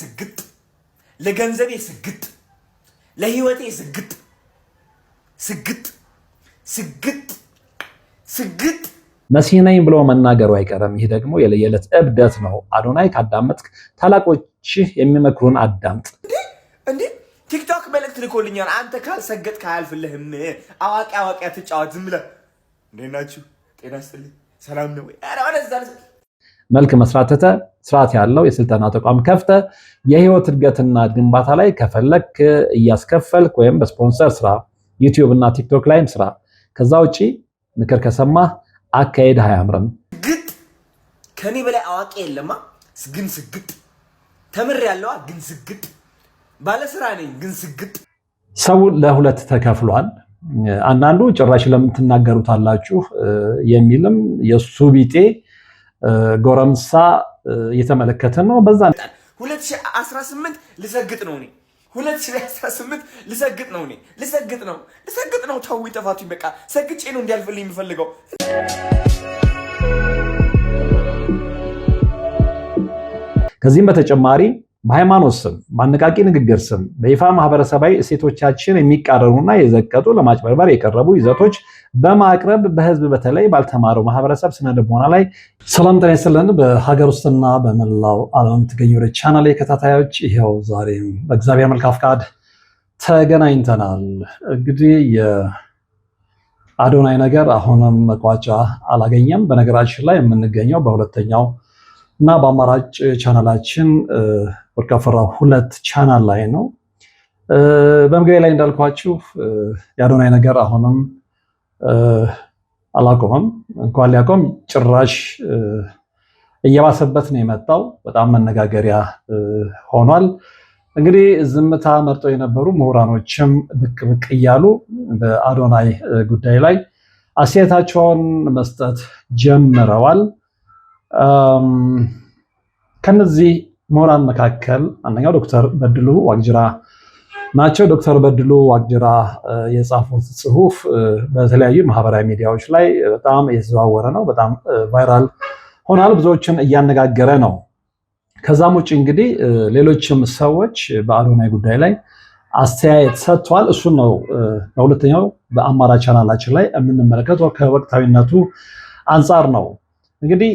ስግጥ፣ ለገንዘቤ ስግጥ፣ ለህይወቴ ስግጥ፣ ስግጥ፣ ስግጥ፣ ስግጥ መሲህ ነኝ ብሎ መናገሩ አይቀርም። ይህ ደግሞ የለየለት እብደት ነው። አዶናይ ካዳመጥክ ታላቆች የሚመክሩን አዳምጥ። እንዴ ቲክቶክ መልእክት ልኮልኛል። አንተ ካልሰገጥክ አያልፍልህም። አዋቂ አዋቂ ትጫወት ዝም ብለህ እንዴት ናችሁ? ጤና ይስጥልኝ ሰላም ነው መልክ መስራተተ ስርዓት ያለው የስልጠና ተቋም ከፍተ የህይወት እድገትና ግንባታ ላይ ከፈለክ እያስከፈልክ ወይም በስፖንሰር ስራ፣ ዩቲዩብ እና ቲክቶክ ላይም ስራ። ከዛ ውጪ ምክር ከሰማህ አካሄድ አያምርም። ግጥ ከኔ በላይ አዋቂ የለማ። ግን ስግጥ ተምር ያለዋ ግን ስግጥ ባለስራ ነኝ ግን ስግጥ ሰው ለሁለት ተከፍሏል። አንዳንዱ ጭራሽ ለምትናገሩት አላችሁ የሚልም የእሱ ቢጤ ጎረምሳ እየተመለከተ ነው። በዛ 2018 ልሰግጥ ነው እኔ 2018 ልሰግጥ ነው እኔ ልሰግጥ ነው ልሰግጥ ነው። ተው ጥፋቱ በቃ ሰግጬ ነው እንዲያልፍልኝ የምፈልገው። ከዚህም በተጨማሪ በሃይማኖት ስም በአነቃቂ ንግግር ስም በይፋ ማህበረሰባዊ እሴቶቻችን የሚቃረኑና የዘቀጡ ለማጭበርበር የቀረቡ ይዘቶች በማቅረብ በህዝብ በተለይ ባልተማረው ማህበረሰብ ስነ ልቦና ላይ ሰላም ጤና ይስጥልን። በሀገር ውስጥና በመላው ዓለም ትገኙ ወደ ቻናል የከታታዮች ይኸው ዛሬም በእግዚአብሔር መልካም ፍቃድ ተገናኝተናል። እንግዲህ የአዶናይ ነገር አሁንም መቋጫ አላገኘም። በነገራችን ላይ የምንገኘው በሁለተኛው እና በአማራጭ ቻናላችን ወርቅ አፈራው ሁለት ቻናል ላይ ነው። በምግቤ ላይ እንዳልኳችሁ የአዶናይ ነገር አሁንም አላቆመም። እንኳን ሊያቆም ጭራሽ እየባሰበት ነው የመጣው። በጣም መነጋገሪያ ሆኗል። እንግዲህ ዝምታ መርጠው የነበሩ ምሁራኖችም ብቅ ብቅ እያሉ በአዶናይ ጉዳይ ላይ አስተያየታቸውን መስጠት ጀምረዋል። ከነዚህ ምሁራን መካከል አንደኛው ዶክተር በድሉ ዋቅጅራ ናቸው። ዶክተር በድሉ ዋቅጅራ የጻፉት ጽሁፍ በተለያዩ ማህበራዊ ሚዲያዎች ላይ በጣም እየተዘዋወረ ነው። በጣም ቫይራል ሆናል። ብዙዎችን እያነጋገረ ነው። ከዛም ውጭ እንግዲህ ሌሎችም ሰዎች በአዶናይ ጉዳይ ላይ አስተያየት ሰጥቷል። እሱን ነው በሁለተኛው በአማራ ቻናላችን ላይ የምንመለከተው ከወቅታዊነቱ አንጻር ነው። እንግዲህ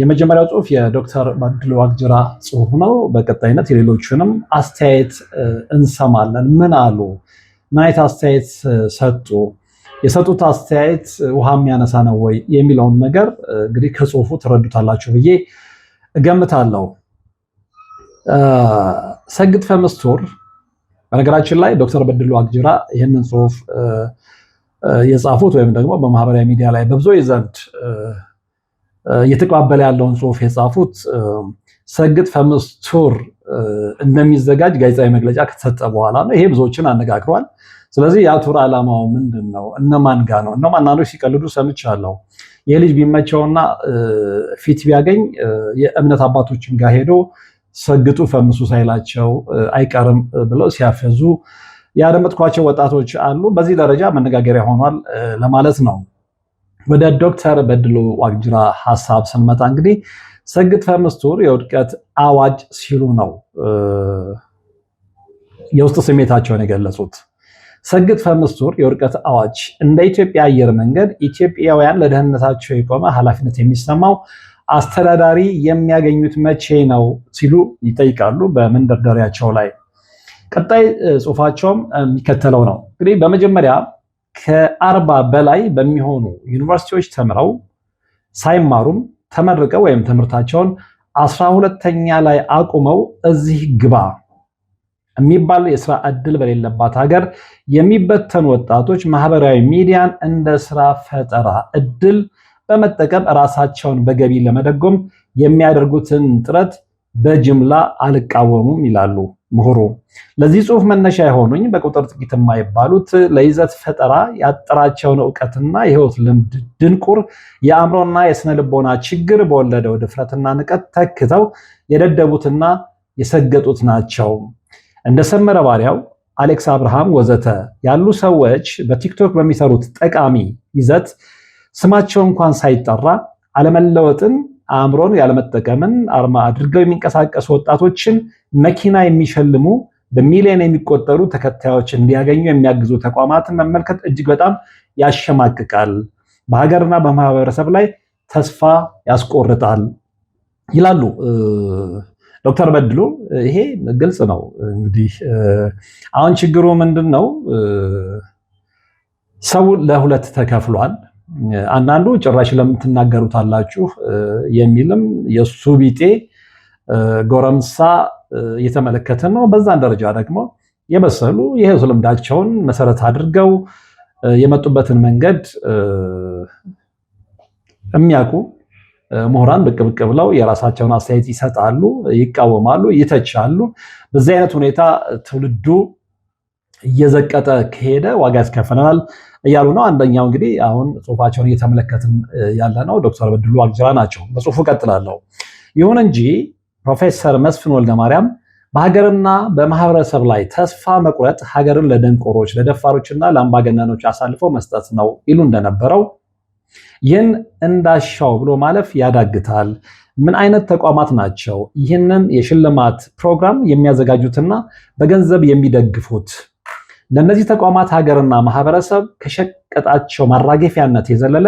የመጀመሪያው ጽሁፍ የዶክተር በድሉ አግጅራ ጽሁፍ ነው። በቀጣይነት የሌሎችንም አስተያየት እንሰማለን። ምን አሉ? ምን አይነት አስተያየት ሰጡ? የሰጡት አስተያየት ውሃ የሚያነሳ ነው ወይ የሚለውን ነገር እንግዲህ ከጽሁፉ ትረዱታላችሁ ብዬ እገምታለሁ። ሰግጥ ፈምስቱር በነገራችን ላይ ዶክተር በድሉ አግጅራ ይህንን ጽሁፍ የጻፉት ወይም ደግሞ በማህበራዊ ሚዲያ ላይ በብዙ ዘንድ እየተቀባበለ ያለውን ጽሁፍ የጻፉት ሰግጥ ፈምስቱር እንደሚዘጋጅ ጋዜጣዊ መግለጫ ከተሰጠ በኋላ ነው። ይሄ ብዙዎችን አነጋግሯል። ስለዚህ የአቱር አላማው ዓላማው ምንድን ነው? እነማን ጋ ነው? እነማን አንዳንዶች ሲቀልዱ ሰምቻለሁ። ይህ ልጅ ቢመቸውና ፊት ቢያገኝ የእምነት አባቶችን ጋር ሄዶ ሰግጡ ፈምሱ ሳይላቸው አይቀርም ብለው ሲያፈዙ ያደመጥኳቸው ወጣቶች አሉ። በዚህ ደረጃ መነጋገሪያ ሆኗል ለማለት ነው። ወደ ዶክተር በድሉ ዋቅጅራ ሀሳብ ስንመጣ እንግዲህ ሰግጥ ፈምስቱር የውድቀት አዋጅ ሲሉ ነው የውስጥ ስሜታቸውን የገለጹት። ሰግጥ ፈምስቱር የውድቀት አዋጅ እንደ ኢትዮጵያ አየር መንገድ ኢትዮጵያውያን ለደህንነታቸው የቆመ ኃላፊነት የሚሰማው አስተዳዳሪ የሚያገኙት መቼ ነው ሲሉ ይጠይቃሉ በመንደርደሪያቸው ላይ። ቀጣይ ጽሁፋቸውም የሚከተለው ነው እንግዲህ በመጀመሪያ ከአርባ በላይ በሚሆኑ ዩኒቨርሲቲዎች ተምረው ሳይማሩም ተመርቀው ወይም ትምህርታቸውን አስራ ሁለተኛ ላይ አቁመው እዚህ ግባ የሚባል የስራ እድል በሌለባት ሀገር የሚበተኑ ወጣቶች ማህበራዊ ሚዲያን እንደ ስራ ፈጠራ እድል በመጠቀም ራሳቸውን በገቢ ለመደጎም የሚያደርጉትን ጥረት በጅምላ አልቃወሙም ይላሉ። ምሁሩ ለዚህ ጽሁፍ መነሻ የሆኑኝ በቁጥር ጥቂት የማይባሉት ለይዘት ፈጠራ ያጠራቸውን እውቀትና የህይወት ልምድ ድንቁር የአእምሮና የስነ ልቦና ችግር በወለደው ድፍረትና ንቀት ተክተው የደደቡትና የሰገጡት ናቸው። እንደ ሰመረ ባሪያው፣ አሌክስ አብርሃም ወዘተ ያሉ ሰዎች በቲክቶክ በሚሰሩት ጠቃሚ ይዘት ስማቸው እንኳን ሳይጠራ አለመለወጥን አእምሮን ያለመጠቀምን አርማ አድርገው የሚንቀሳቀሱ ወጣቶችን መኪና የሚሸልሙ በሚሊዮን የሚቆጠሩ ተከታዮች እንዲያገኙ የሚያግዙ ተቋማትን መመልከት እጅግ በጣም ያሸማቅቃል፣ በሀገርና በማህበረሰብ ላይ ተስፋ ያስቆርጣል ይላሉ ዶክተር በድሉ። ይሄ ግልጽ ነው። እንግዲህ አሁን ችግሩ ምንድን ነው? ሰው ለሁለት ተከፍሏል። አንዳንዱ ጭራሽ ለምትናገሩት አላችሁ የሚልም የእሱ ቢጤ ጎረምሳ እየተመለከትን ነው። በዛን ደረጃ ደግሞ የበሰሉ የህዝብ ልምዳቸውን መሰረት አድርገው የመጡበትን መንገድ የሚያውቁ ምሁራን ብቅ ብቅ ብለው የራሳቸውን አስተያየት ይሰጣሉ፣ ይቃወማሉ፣ ይተቻሉ። በዚህ አይነት ሁኔታ ትውልዱ እየዘቀጠ ከሄደ ዋጋ ያስከፍለናል እያሉ ነው። አንደኛው እንግዲህ አሁን ጽሁፋቸውን እየተመለከትን ያለ ነው ዶክተር በድሉ አግጅራ ናቸው። በጽሁፉ ቀጥላለሁ። ይሁን እንጂ ፕሮፌሰር መስፍን ወልደ ማርያም በሀገርና በማህበረሰብ ላይ ተስፋ መቁረጥ ሀገርን ለደንቆሮች ለደፋሮችና ለአምባገነኖች አሳልፎ መስጠት ነው ይሉ እንደነበረው ይህን እንዳሻው ብሎ ማለፍ ያዳግታል። ምን አይነት ተቋማት ናቸው ይህንን የሽልማት ፕሮግራም የሚያዘጋጁትና በገንዘብ የሚደግፉት? ለእነዚህ ተቋማት ሀገርና ማህበረሰብ ከሸቀጣቸው ማራገፊያነት የዘለለ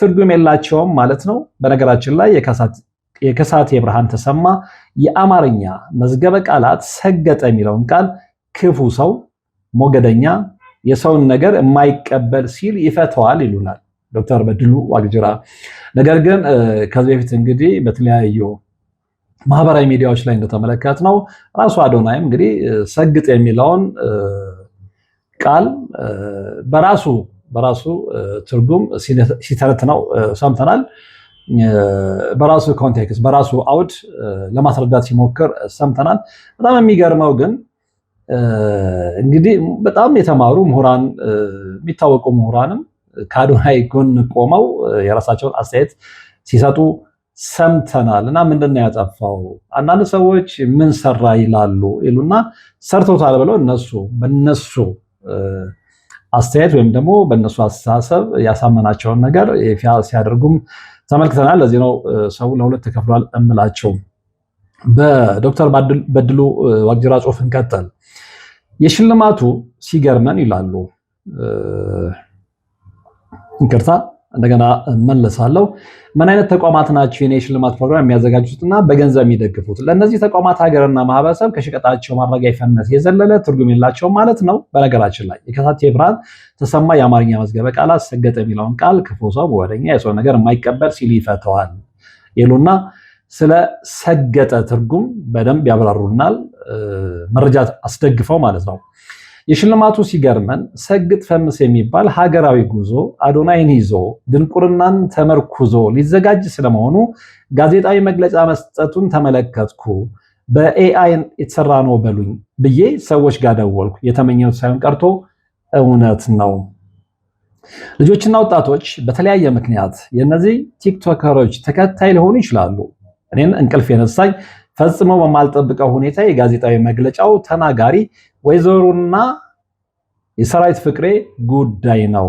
ትርጉም የላቸውም ማለት ነው። በነገራችን ላይ የከሳቴ ብርሃን ተሰማ የአማርኛ መዝገበ ቃላት ሰገጠ የሚለውን ቃል ክፉ ሰው፣ ሞገደኛ፣ የሰውን ነገር የማይቀበል ሲል ይፈተዋል ይሉናል ዶክተር በድሉ ዋግጅራ። ነገር ግን ከዚህ በፊት እንግዲህ በተለያዩ ማህበራዊ ሚዲያዎች ላይ እንደተመለከት ነው ራሱ አዶናይም እንግዲህ ሰግጥ የሚለውን ቃል በራሱ በራሱ ትርጉም ሲተረትነው ሰምተናል። በራሱ ኮንቴክስት በራሱ አውድ ለማስረዳት ሲሞክር ሰምተናል። በጣም የሚገርመው ግን እንግዲህ በጣም የተማሩ ምሁራን የሚታወቁ ምሁራንም ከአዶናይ ጎን ቆመው የራሳቸውን አስተያየት ሲሰጡ ሰምተናል። እና ምንድን ነው ያጠፋው? አንዳንድ ሰዎች ምን ሰራ ይላሉ ይሉና ሰርቶታል ብለው እነሱ በነሱ አስተያየት ወይም ደግሞ በእነሱ አስተሳሰብ ያሳመናቸውን ነገር ሲያደርጉም ተመልክተናል። ለዚህ ነው ሰው ለሁለት ተከፍሏል እምላቸው። በዶክተር በድሉ ዋቅጅራ ጽሑፍ እንቀጠል። የሽልማቱ ሲገርመን ይላሉ ይቅርታ እንደገና መልሳለሁ። ምን አይነት ተቋማት ናቸው የኔ ልማት ፕሮግራም የሚያዘጋጁትና በገንዘብ የሚደግፉት? ለእነዚህ ተቋማት ሀገርና ማህበረሰብ ከሽቀጣቸው ማረጋፊያነት የዘለለ ትርጉም የላቸውም ማለት ነው። በነገራችን ላይ የከሳቴ ብርሃን ተሰማ የአማርኛ መዝገበ ቃላት ሰገጠ የሚለውን ቃል ክፉ ሰው ወደኛ የሰው ነገር የማይቀበል ሲል ይፈተዋል ይሉና ስለ ሰገጠ ትርጉም በደንብ ያብራሩናል፣ መረጃ አስደግፈው ማለት ነው። የሽልማቱ ሲገርመን ሰግጥ ፈምስ የሚባል ሀገራዊ ጉዞ አዶናይን ይዞ ድንቁርናን ተመርኩዞ ሊዘጋጅ ስለመሆኑ ጋዜጣዊ መግለጫ መስጠቱን ተመለከትኩ። በኤአይ የተሰራ ነው በሉኝ ብዬ ሰዎች ጋር ደወልኩ። የተመኘሁት ሳይሆን ቀርቶ እውነት ነው። ልጆችና ወጣቶች በተለያየ ምክንያት የእነዚህ ቲክቶከሮች ተከታይ ሊሆኑ ይችላሉ። እኔን እንቅልፍ የነሳኝ ፈጽሞ በማልጠብቀው ሁኔታ የጋዜጣዊ መግለጫው ተናጋሪ ወይዘሮና የሰራዊት ፍቅሬ ጉዳይ ነው።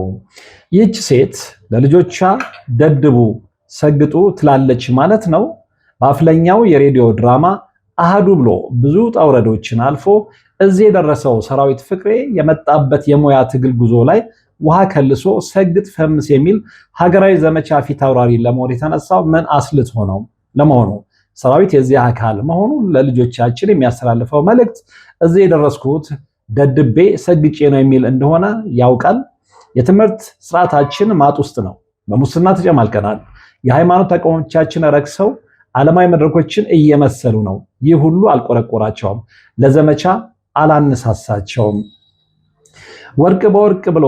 ይህች ሴት ለልጆቿ ደድቡ ሰግጡ ትላለች ማለት ነው። በአፍለኛው የሬዲዮ ድራማ አህዱ ብሎ ብዙ ጣውረዶችን አልፎ እዚህ የደረሰው ሰራዊት ፍቅሬ የመጣበት የሙያ ትግል ጉዞ ላይ ውሃ ከልሶ ሰግጥ ፈምስ የሚል ሀገራዊ ዘመቻ ፊት አውራሪ ለመሆን የተነሳው ምን አስልቶ ነው ለመሆኑ? ሰራዊት የዚህ አካል መሆኑ ለልጆቻችን የሚያስተላልፈው መልእክት እዚህ የደረስኩት ደድቤ ሰግጬ ነው የሚል እንደሆነ ያውቃል። የትምህርት ስርዓታችን ማጥ ውስጥ ነው። በሙስና ተጨማልቀናል። የሃይማኖት ተቋሞቻችን ረክሰው ዓለማዊ መድረኮችን እየመሰሉ ነው። ይህ ሁሉ አልቆረቆራቸውም፣ ለዘመቻ አላነሳሳቸውም። ወርቅ በወርቅ ብሎ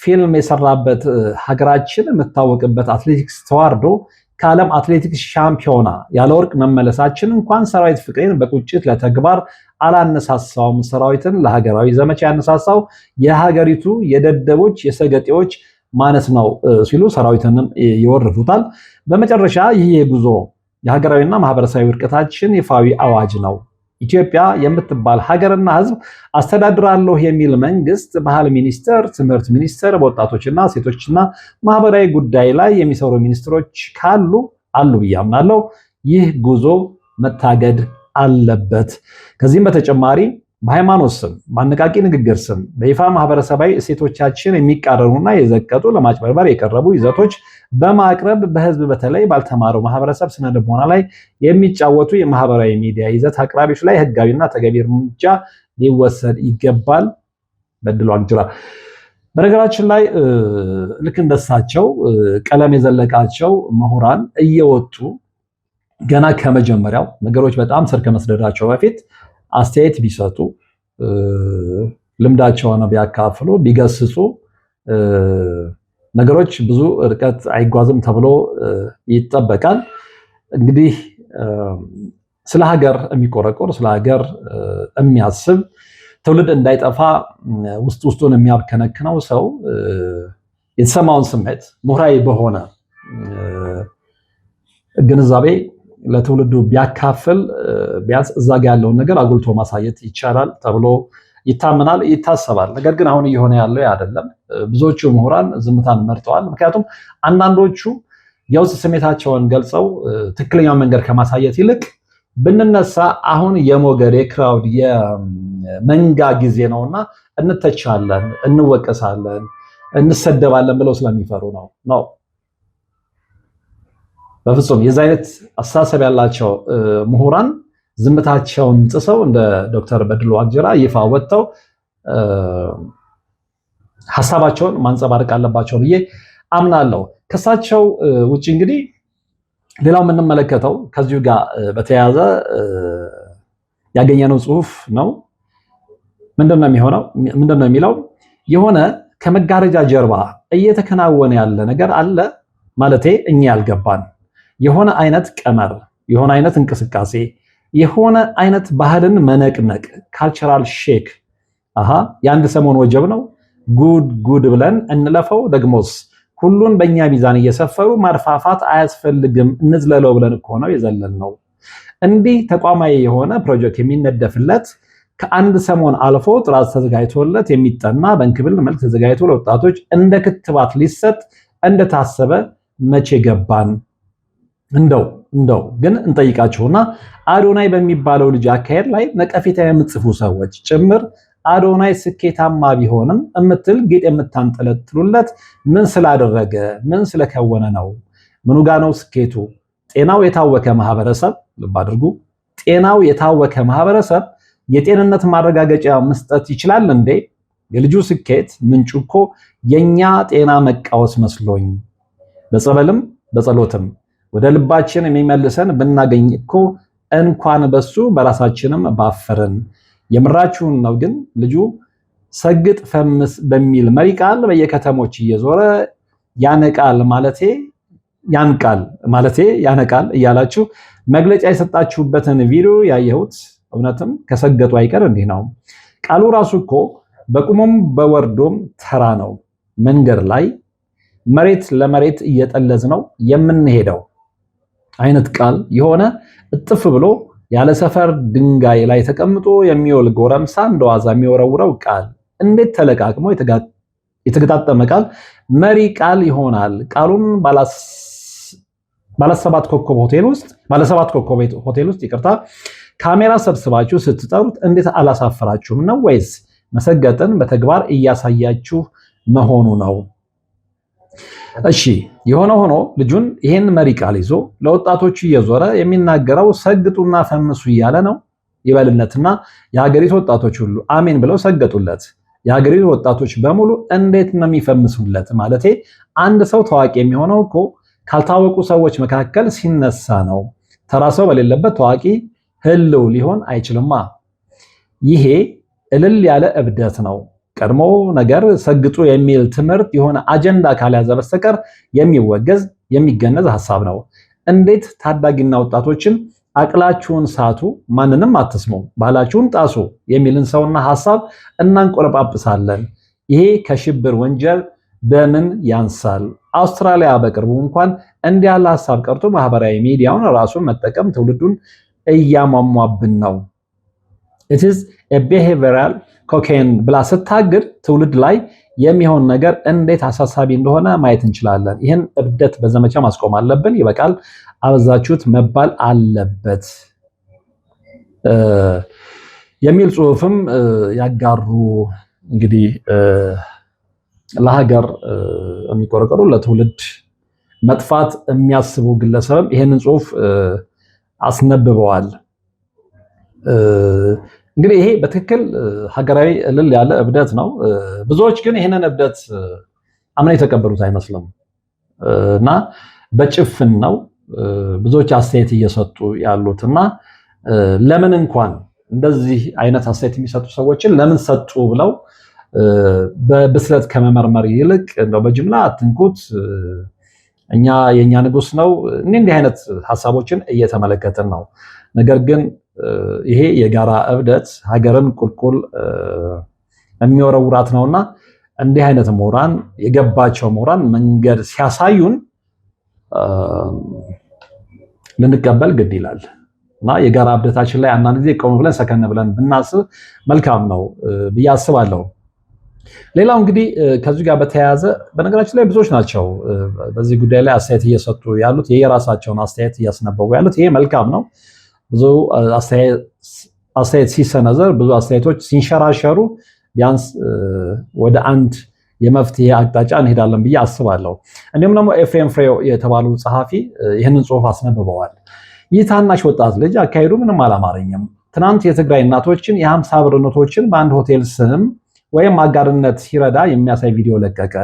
ፊልም የሰራበት ሀገራችን የምታወቅበት አትሌቲክስ ተዋርዶ ከዓለም አትሌቲክስ ሻምፒዮና ያለ ወርቅ መመለሳችን እንኳን ሰራዊት ፍቅሬን በቁጭት ለተግባር አላነሳሳውም። ሰራዊትን ለሀገራዊ ዘመቻ ያነሳሳው የሀገሪቱ የደደቦች የሰገጤዎች ማነት ነው ሲሉ ሰራዊትንም ይወርፉታል። በመጨረሻ ይህ የጉዞ የሀገራዊና ማህበረሰባዊ ውድቀታችን ይፋዊ አዋጅ ነው። ኢትዮጵያ የምትባል ሀገርና ህዝብ አስተዳድራለሁ የሚል መንግስት ባህል ሚኒስቴር፣ ትምህርት ሚኒስቴር፣ በወጣቶችና ሴቶችና ማህበራዊ ጉዳይ ላይ የሚሰሩ ሚኒስትሮች ካሉ አሉ ብዬ አምናለሁ። ይህ ጉዞ መታገድ አለበት። ከዚህም በተጨማሪ በሃይማኖት ስም በአነቃቂ ንግግር ስም በይፋ ማህበረሰባዊ እሴቶቻችን የሚቃረኑና የዘቀጡ ለማጭበርበር የቀረቡ ይዘቶች በማቅረብ በህዝብ በተለይ ባልተማረው ማህበረሰብ ስነ ልቦና ላይ የሚጫወቱ የማህበራዊ ሚዲያ ይዘት አቅራቢዎች ላይ ህጋዊና ተገቢ እርምጃ ሊወሰድ ይገባል። በድሎ አግጅራ በነገራችን ላይ ልክ እንደሳቸው ቀለም የዘለቃቸው ምሁራን እየወጡ ገና ከመጀመሪያው ነገሮች በጣም ስር ከመስደዳቸው በፊት አስተያየት ቢሰጡ ልምዳቸውን ቢያካፍሉ ቢገስጹ ነገሮች ብዙ እርቀት አይጓዝም ተብሎ ይጠበቃል። እንግዲህ ስለ ሀገር የሚቆረቆር ስለ ሀገር የሚያስብ ትውልድ እንዳይጠፋ ውስጥ ውስጡን የሚያብከነክነው ሰው የተሰማውን ስሜት ምሁራዊ በሆነ ግንዛቤ ለትውልዱ ቢያካፍል ቢያንስ እዛ ጋ ያለውን ነገር አጉልቶ ማሳየት ይቻላል ተብሎ ይታመናል፣ ይታሰባል። ነገር ግን አሁን እየሆነ ያለው አይደለም። ብዙዎቹ ምሁራን ዝምታን መርጠዋል። ምክንያቱም አንዳንዶቹ የውስጥ ስሜታቸውን ገልጸው ትክክለኛውን መንገድ ከማሳየት ይልቅ ብንነሳ አሁን የሞገድ የክራውድ የመንጋ ጊዜ ነውና እንተቻለን፣ እንወቀሳለን፣ እንሰደባለን ብለው ስለሚፈሩ ነው ነው በፍጹም የዚ አይነት አስተሳሰብ ያላቸው ምሁራን ዝምታቸውን ጥሰው እንደ ዶክተር በድሉ ዋቅጅራ ይፋ ወጥተው ሀሳባቸውን ማንጸባረቅ አለባቸው ብዬ አምናለሁ። ከሳቸው ውጭ እንግዲህ ሌላው የምንመለከተው ከዚሁ ጋር በተያያዘ ያገኘነው ጽሁፍ ነው። ምንድን ነው የሚሆነው? ምንድን ነው የሚለው? የሆነ ከመጋረጃ ጀርባ እየተከናወነ ያለ ነገር አለ ማለቴ እኛ ያልገባን የሆነ አይነት ቀመር፣ የሆነ አይነት እንቅስቃሴ፣ የሆነ አይነት ባህልን መነቅነቅ ካልቸራል ሼክ። አሃ የአንድ ሰሞን ወጀብ ነው። ጉድ ጉድ ብለን እንለፈው። ደግሞስ ሁሉን በእኛ ሚዛን እየሰፈሩ ማድፋፋት አያስፈልግም እንዝለለው ብለን እኮ ነው የዘለን ነው። እንዲህ ተቋማዊ የሆነ ፕሮጀክት የሚነደፍለት ከአንድ ሰሞን አልፎ ጥራት ተዘጋጅቶለት የሚጠና በእንክብል መልክ ተዘጋጅቶ ለወጣቶች እንደ ክትባት ሊሰጥ እንደታሰበ መቼ ገባን? እንደው እንደው ግን እንጠይቃችሁና አዶናይ በሚባለው ልጅ አካሄድ ላይ ነቀፌታ የምትጽፉ ሰዎች ጭምር አዶናይ ስኬታማ ቢሆንም እምትል ጌጥ የምታንጠለጥሉለት ምን ስላደረገ ምን ስለከወነ ነው? ምኑ ጋ ነው ስኬቱ? ጤናው የታወከ ማህበረሰብ፣ ልብ አድርጉ፣ ጤናው የታወከ ማህበረሰብ የጤንነት ማረጋገጫ መስጠት ይችላል እንዴ? የልጁ ስኬት ምንጩ እኮ የኛ ጤና መቃወስ መስሎኝ በጸበልም በጸሎትም ወደ ልባችን የሚመልሰን ብናገኝ እኮ እንኳን በሱ በራሳችንም ባፈርን። የምራችሁን ነው ግን ልጁ ሰግጥ ፈምስ በሚል መሪ ቃል በየከተሞች እየዞረ ያነቃል ማለቴ ያንቃል ማለቴ ያነቃል እያላችሁ መግለጫ የሰጣችሁበትን ቪዲዮ ያየሁት እውነትም ከሰገጡ አይቀር እንዲህ ነው። ቃሉ ራሱ እኮ በቁሞም በወርዶም ተራ ነው። መንገድ ላይ መሬት ለመሬት እየጠለዝ ነው የምንሄደው። አይነት ቃል የሆነ እጥፍ ብሎ ያለ ሰፈር ድንጋይ ላይ ተቀምጦ የሚወል ጎረምሳ እንደዋዛ የሚወረውረው ቃል እንዴት ተለቃቅሞ የተገጣጠመ ቃል መሪ ቃል ይሆናል። ቃሉን ባለሰባት ኮከብ ሆቴል ውስጥ ባለሰባት ኮከብ ሆቴል ውስጥ ይቅርታ፣ ካሜራ ሰብስባችሁ ስትጠሩት እንዴት አላሳፈራችሁም ነው ወይስ መሰገጥን በተግባር እያሳያችሁ መሆኑ ነው? እሺ የሆነ ሆኖ ልጁን ይህን መሪ ቃል ይዞ ለወጣቶቹ እየዞረ የሚናገረው ሰግጡና ፈምሱ እያለ ነው ይበልለትና የሀገሪቱ ወጣቶች ሁሉ አሜን ብለው ሰገጡለት። የሀገሪቱ ወጣቶች በሙሉ እንዴት ነው የሚፈምሱለት? ማለቴ አንድ ሰው ታዋቂ የሚሆነው እኮ ካልታወቁ ሰዎች መካከል ሲነሳ ነው። ተራ ሰው በሌለበት ታዋቂ ህልው ሊሆን አይችልማ። ይሄ እልል ያለ እብደት ነው። ቀድሞ ነገር ሰግጡ የሚል ትምህርት የሆነ አጀንዳ ካልያዘ በስተቀር የሚወገዝ የሚገነዝ ሀሳብ ነው። እንዴት ታዳጊና ወጣቶችን አቅላችሁን ሳቱ፣ ማንንም አትስሙ፣ ባህላችሁን ጣሱ የሚልን ሰውና ሀሳብ እናንቆረጳጵሳለን? ይሄ ከሽብር ወንጀል በምን ያንሳል? አውስትራሊያ በቅርቡ እንኳን እንዲህ ያለ ሀሳብ ቀርቶ ማህበራዊ ሚዲያውን ራሱን መጠቀም ትውልዱን እያሟሟብን ነው። ኢት ቢሄቪራል ኮኬን ብላ ስታግድ ትውልድ ላይ የሚሆን ነገር እንዴት አሳሳቢ እንደሆነ ማየት እንችላለን። ይህን እብደት በዘመቻ ማስቆም አለብን። ይበቃል፣ አበዛችሁት መባል አለበት የሚል ጽሁፍም ያጋሩ እንግዲህ ለሀገር የሚቆረቀሩ ለትውልድ መጥፋት የሚያስቡ ግለሰብም ይህንን ጽሁፍ አስነብበዋል። እንግዲህ ይሄ በትክክል ሀገራዊ እልል ያለ እብደት ነው። ብዙዎች ግን ይህንን እብደት አምነው የተቀበሉት አይመስልም እና በጭፍን ነው ብዙዎች አስተያየት እየሰጡ ያሉት እና ለምን እንኳን እንደዚህ አይነት አስተያየት የሚሰጡ ሰዎችን ለምን ሰጡ ብለው በብስለት ከመመርመር ይልቅ እንደው በጅምላ አትንኩት፣ እኛ የእኛ ንጉስ ነው፣ እንዲህ እንዲህ አይነት ሀሳቦችን እየተመለከትን ነው። ነገር ግን ይሄ የጋራ እብደት ሀገርን ቁልቁል የሚወረውራት ነውና እንዲህ አይነት ምሁራን የገባቸው ምሁራን መንገድ ሲያሳዩን ልንቀበል ግድ ይላል እና የጋራ እብደታችን ላይ አንዳንድ ጊዜ ቆም ብለን ሰከን ብለን ብናስብ መልካም ነው ብዬ አስባለሁ። ሌላው እንግዲህ ከዚህ ጋር በተያያዘ በነገራችን ላይ ብዙዎች ናቸው በዚህ ጉዳይ ላይ አስተያየት እየሰጡ ያሉት የየራሳቸውን አስተያየት እያስነበቡ ያሉት ይሄ መልካም ነው። ብዙ አስተያየት ሲሰነዘር፣ ብዙ አስተያየቶች ሲንሸራሸሩ ቢያንስ ወደ አንድ የመፍትሄ አቅጣጫ እንሄዳለን ብዬ አስባለሁ። እንዲሁም ደግሞ ኤፍሬም ፍሬው የተባሉ ጸሐፊ ይህንን ጽሑፍ አስነብበዋል። ይህ ታናሽ ወጣት ልጅ አካሄዱ ምንም አላማረኝም። ትናንት የትግራይ እናቶችን የሀምሳ ብር ኖቶችን በአንድ ሆቴል ስም ወይም አጋርነት ሲረዳ የሚያሳይ ቪዲዮ ለቀቀ።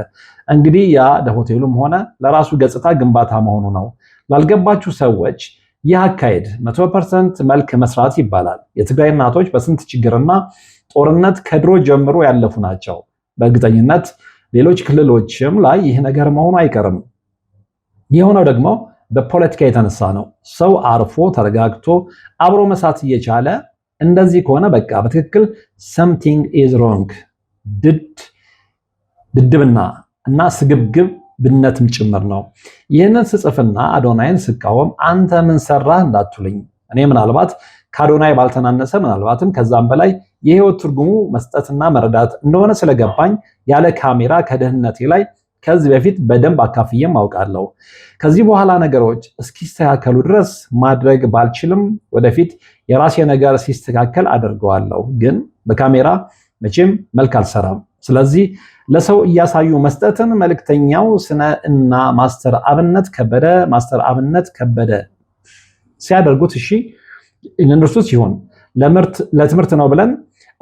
እንግዲህ ያ ለሆቴሉም ሆነ ለራሱ ገጽታ ግንባታ መሆኑ ነው። ላልገባችሁ ሰዎች ይህ አካሄድ መቶ ፐርሰንት መልክ መስራት ይባላል። የትግራይ እናቶች በስንት ችግርና ጦርነት ከድሮ ጀምሮ ያለፉ ናቸው። በእርግጠኝነት ሌሎች ክልሎችም ላይ ይህ ነገር መሆኑ አይቀርም። የሆነው ደግሞ በፖለቲካ የተነሳ ነው። ሰው አርፎ ተረጋግቶ አብሮ መሳት እየቻለ እንደዚህ ከሆነ በቃ በትክክል something is wrong ድድ ድድብና እና ስግብግብ ብነትም ጭምር ነው። ይህንን ስጽፍና አዶናይን ስቃወም አንተ ምን ሰራህ እንዳትሉኝ እኔ ምናልባት ከአዶናይ ባልተናነሰ ምናልባትም ከዛም በላይ የህይወት ትርጉሙ መስጠትና መረዳት እንደሆነ ስለገባኝ ያለ ካሜራ ከደህንነቴ ላይ ከዚህ በፊት በደንብ አካፍዬም አውቃለሁ። ከዚህ በኋላ ነገሮች እስኪስተካከሉ ድረስ ማድረግ ባልችልም ወደፊት የራሴ ነገር ሲስተካከል አደርገዋለሁ። ግን በካሜራ መቼም መልክ አልሰራም። ስለዚህ ለሰው እያሳዩ መስጠትን መልእክተኛው ስነ እና ማስተር አብነት ከበደ ማስተር አብነት ከበደ ሲያደርጉት እሺ ለእነርሱ ሲሆን ለትምህርት ነው ብለን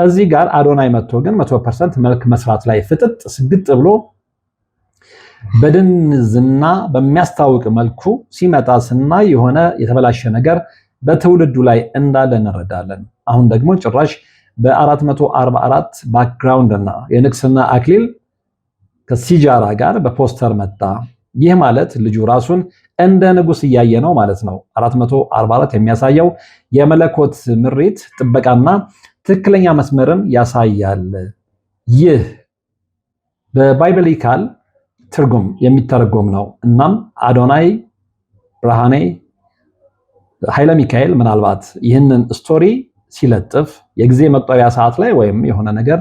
እዚህ ጋር አዶናይ መጥቶ ግን 100% መልክ መስራት ላይ ፍጥጥ ስግጥ ብሎ በድንዝና በሚያስታውቅ መልኩ ሲመጣ ስናይ የሆነ የተበላሸ ነገር በትውልዱ ላይ እንዳለ እንረዳለን። አሁን ደግሞ ጭራሽ በ444 ባክግራውንድ እና የንግስና አክሊል ከሲጃራ ጋር በፖስተር መጣ። ይህ ማለት ልጁ ራሱን እንደ ንጉስ እያየ ነው ማለት ነው። 444 የሚያሳየው የመለኮት ምሪት ጥበቃና ትክክለኛ መስመርን ያሳያል። ይህ በባይብሊካል ትርጉም የሚተረጎም ነው። እናም አዶናይ ብርሃኔ ኃይለ ሚካኤል ምናልባት ይህንን ስቶሪ ሲለጥፍ የጊዜ መቁጠሪያ ሰዓት ላይ ወይም የሆነ ነገር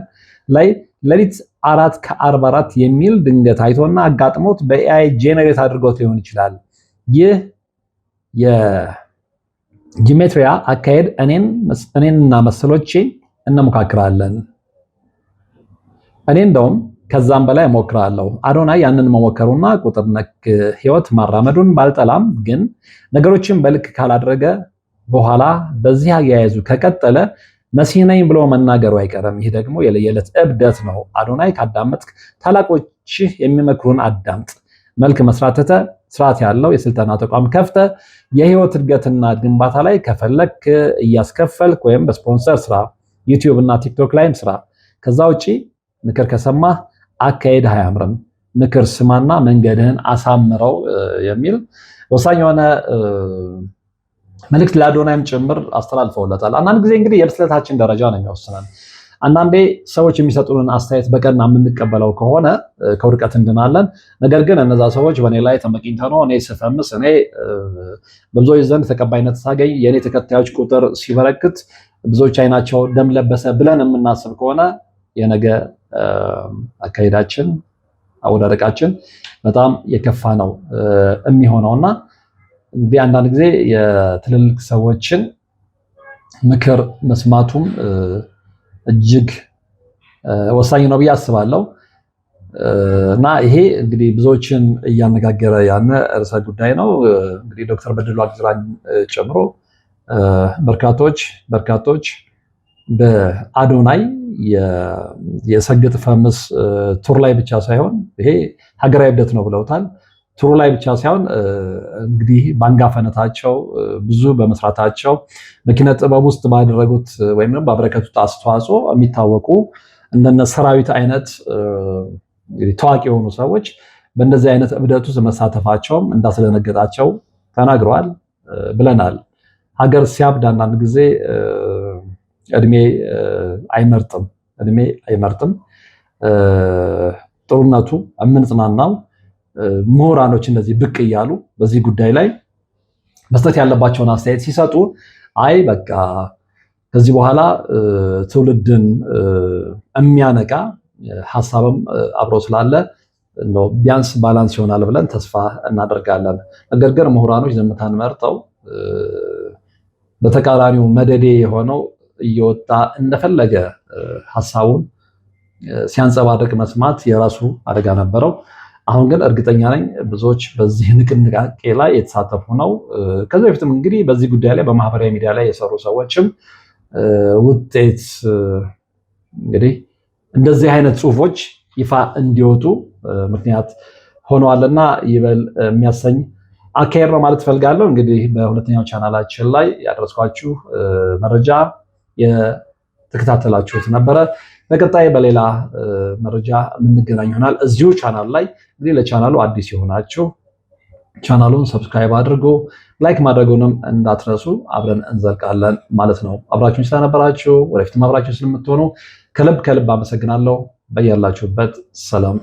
ላይ ሌሊት አራት ከአርባ አራት የሚል ድንገት አይቶና አጋጥሞት በኤአይ ጄኔሬት አድርጎት ሊሆን ይችላል። ይህ የጂሜትሪያ አካሄድ እኔንና መሰሎች እንሞካክራለን። እኔ እንደውም ከዛም በላይ እሞክራለሁ። አዶናይ ያንን መሞከሩና ቁጥር ነክ ህይወት ማራመዱን ባልጠላም፣ ግን ነገሮችን በልክ ካላደረገ በኋላ በዚህ አያያዙ ከቀጠለ መሲህ ነኝ ብሎ መናገሩ አይቀርም። ይህ ደግሞ የለየለት እብደት ነው። አዶናይ ካዳመጥክ ታላቆችህ የሚመክሩን አዳምጥ። መልክ መስራተተ ስርዓት ያለው የስልጠና ተቋም ከፍተ የህይወት እድገትና ግንባታ ላይ ከፈለክ እያስከፈልክ ወይም በስፖንሰር ስራ፣ ዩቲዩብ እና ቲክቶክ ላይም ስራ። ከዛ ውጪ ምክር ከሰማህ አካሄድ አያምርም። ምክር ስማና መንገድህን አሳምረው የሚል ወሳኝ የሆነ መልእክት ለአዶናይም ጭምር አስተላልፈውለታል። አንዳንድ ጊዜ እንግዲህ የብስለታችን ደረጃ ነው የሚወስነን። አንዳንዴ ሰዎች የሚሰጡንን አስተያየት በቀና የምንቀበለው ከሆነ ከውድቀት እንድናለን። ነገር ግን እነዛ ሰዎች በእኔ ላይ ተመቂኝተ ነው እኔ ስፈምስ፣ እኔ በብዙዎች ዘንድ ተቀባይነት ሳገኝ፣ የእኔ ተከታዮች ቁጥር ሲበረክት፣ ብዙዎች አይናቸው ደም ለበሰ ብለን የምናስብ ከሆነ የነገ አካሄዳችን አወዳደቃችን በጣም የከፋ ነው የሚሆነውና እንግዲህ አንዳንድ ጊዜ የትልልቅ ሰዎችን ምክር መስማቱም እጅግ ወሳኝ ነው ብዬ አስባለሁ። እና ይሄ እንግዲህ ብዙዎችን እያነጋገረ ያለ ርዕሰ ጉዳይ ነው። እንግዲህ ዶክተር በድሉ አግዝራኝ ጨምሮ በርካቶች በርካቶች በአዶናይ የሰግጥ ፈምስ ቱር ላይ ብቻ ሳይሆን ይሄ ሀገራዊ እብደት ነው ብለውታል። ትሩ ላይ ብቻ ሳይሆን እንግዲህ ባንጋፈነታቸው ብዙ በመስራታቸው በኪነ ጥበብ ውስጥ ባደረጉት ወይም ባበረከቱት አስተዋጽኦ የሚታወቁ እንደነ ሰራዊት አይነት ታዋቂ የሆኑ ሰዎች በእንደዚህ አይነት እብደት ውስጥ መሳተፋቸውም እንዳስደነገጣቸው ተናግረዋል ብለናል። ሀገር ሲያብድ አንዳንድ ጊዜ እድሜ አይመርጥም እድሜ አይመርጥም። ጥሩነቱ የምንጽናናው ምሁራኖች እነዚህ ብቅ እያሉ በዚህ ጉዳይ ላይ መስጠት ያለባቸውን አስተያየት ሲሰጡ፣ አይ በቃ ከዚህ በኋላ ትውልድን የሚያነቃ ሀሳብም አብሮ ስላለ ቢያንስ ባላንስ ይሆናል ብለን ተስፋ እናደርጋለን። ነገር ግን ምሁራኖች ዝምታን መርጠው በተቃራኒው መደዴ የሆነው እየወጣ እንደፈለገ ሀሳቡን ሲያንጸባርቅ መስማት የራሱ አደጋ ነበረው። አሁን ግን እርግጠኛ ነኝ ብዙዎች በዚህ ንቅናቄ ላይ የተሳተፉ ነው። ከዚህ በፊትም እንግዲህ በዚህ ጉዳይ ላይ በማህበራዊ ሚዲያ ላይ የሰሩ ሰዎችም ውጤት እንግዲህ እንደዚህ አይነት ጽሁፎች ይፋ እንዲወጡ ምክንያት ሆነዋልና ይበል የሚያሰኝ አካሄድ ነው ማለት እፈልጋለሁ። እንግዲህ በሁለተኛው ቻናላችን ላይ ያደረስኳችሁ መረጃ ተከታተላችሁት ነበረ። በቀጣይ በሌላ መረጃ የምንገናኝ ይሆናል። እዚሁ ቻናል ላይ እንግዲህ ለቻናሉ አዲስ የሆናችሁ ቻናሉን ሰብስክራይብ አድርጎ ላይክ ማድረጉንም እንዳትረሱ። አብረን እንዘልቃለን ማለት ነው። አብራችሁን ስለነበራችሁ ወደፊትም አብራችሁ ስለምትሆኑ ከልብ ከልብ አመሰግናለሁ። በያላችሁበት ሰላም